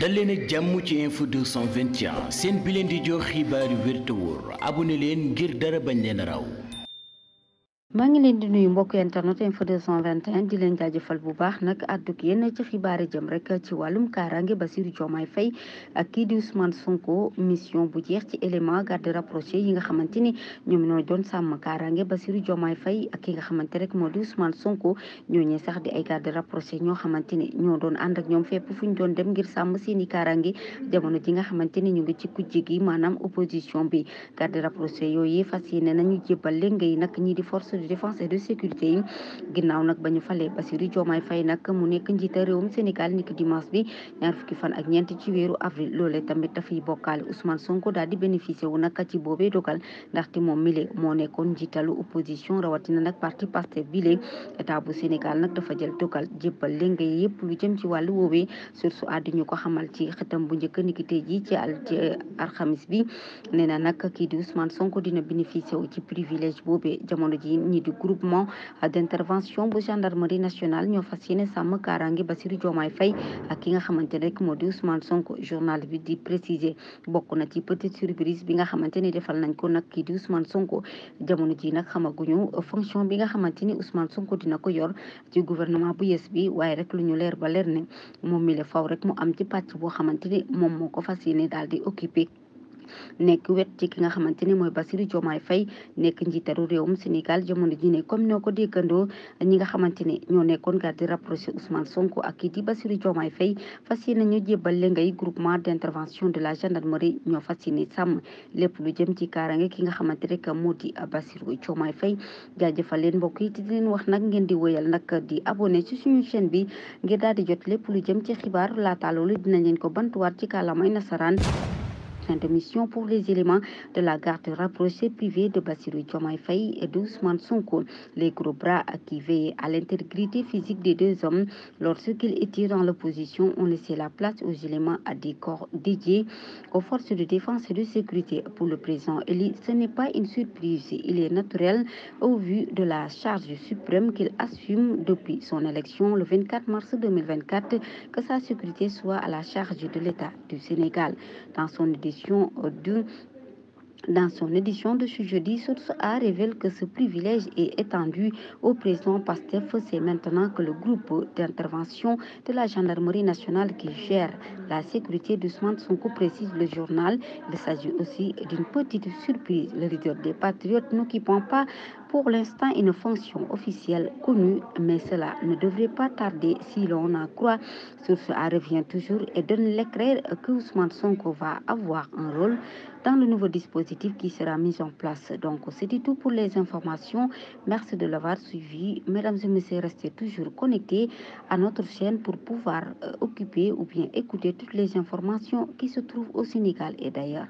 dal leen ak jàmm ci info 221 seen bi leen di jox xibaaru yu wér te leen ngir dara bañ leen raw maa ngi leen di nuyu mbokk internet info 221 di leen jaajëfal bu baax nag àdduk yéen ci xibaar yi jëm rek ci wàllum kaaraange Bassirou Diomaye Faye ak kii di Ousmane Sonko mission bu jeex ci élément garde rapproché yi nga xamante ni ñoom ñoo doon sàmm kaaraange Bassirou Diomaye Faye ak ki nga xamante rek moo di Ousmane ñoo ñooñee sax di ay garde rapproché ñoo xamante ni ñoo doon ànd ak ñoom fépp fu ñu doon dem ngir sàmm seeni kaaraange jamono ji nga xamante ni ñu ngi ci kujje gi maanaam opposition bi garde rapproché yooyu fas yéene nañu jébbal leen ngay nag ñi di force de défense et de sécurité yi ginnaaw nag ba ñu falee Bassirou Diomaye Faye nag mu nekk njiita réewum Sénégal niki dimanche bi ñaar fukki fan ak ñeent ci weeru avril loolee tamit dafay bokkaale Ousmane Sonko daal di bénéficié wu nag ci boobee dogal ndaxte moom mile moo nekkoon njiitalu opposition rawatina nag parti Pastef bile état bu Sénégal nag dafa jël dogal jébbal lenge yëpp lu jëm ci wàllu woowee source àddi ñu ko xamal ci xetam bu njëkk niki tey ji ci al alxamis bi nee ñi di groupement d'intervention bu gendarmerie nationale ñoo fas yéene sàmm kaaraange Bassirou Diomaye Faye ak nga xamante rek moo di Sonko journal bi di préciser bokk na ci petite surprise bi nga xamante ni defal nañ ko nag kii di Ousmane Sonko jamono ji nag xamaguñu fonction bi nga xamante ni Ousmane Sonko dina ko yor ci gouvernement bu yees bi waaye rek lu ñu leer ba leer ne moom faw rek mu am ci pàcc boo xamante ni moom moo daal di occupé nekk wet ci ki nga xamante ne mooy Bassirou Diomaye Faye nekk njiitaru réewum Sénégal jamono ji ne comme noo ko déggandoo ñi nga xamante ne ñoo nekkoon garde rapproché Ousmane Sonko ak kii di Bassirou Diomaye Faye fas yéene ñu jébbal le ngay groupement d'intervention de la mori ñoo fas yéene sàmm lépp lu jëm ci kaaraange ki nga xamante rek moo di Bassirou Diomaye Faye jaajëfal leen mbokk yi di leen wax nag ngeen di woyal nag di abone ci suñu chaîne bi ngir daal di jot lépp lu jëm ci xibaar laata dinañ leen ko bantuwaat ci kàllaamay nasaraan fin de mission pour les éléments de la garde rapprochée privée de Bassirou Diomaye Faye et d'Ousmane Sonko. Les gros bras qui veillaient à l'intégrité physique des deux hommes lorsqu'ils étaient dans l'opposition ont laissé la place aux éléments à des corps dédiés aux forces de défense et de sécurité. Pour le président Eli, ce n'est pas une surprise. Il est naturel au vu de la charge suprême qu'il assume depuis son élection le 24 mars 2024 que sa sécurité soit à la charge de l du Sénégal. Dans édition euh, de dans son édition de ce jeudi, Source A révèle que ce privilège est étendu au président Pastef. C'est maintenant que le groupe d'intervention de la gendarmerie nationale qui gère la sécurité du Sman Sonko précise le journal. Il s'agit aussi d'une petite surprise. Le leader des patriotes n'occupant pas Pour l'instant, une fonction officielle connue, mais cela ne devrait pas tarder si l'on en croit. Sur ce, elle revient toujours et donne l'éclair que Ousmane Sonko va avoir un rôle dans le nouveau dispositif qui sera mis en place. Donc, c'était tout pour les informations. Merci de l'avoir suivi. Mesdames et messieurs, restez toujours connectés à notre chaîne pour pouvoir euh, occuper ou bien écouter toutes les informations qui se trouvent au Sénégal et d'ailleurs.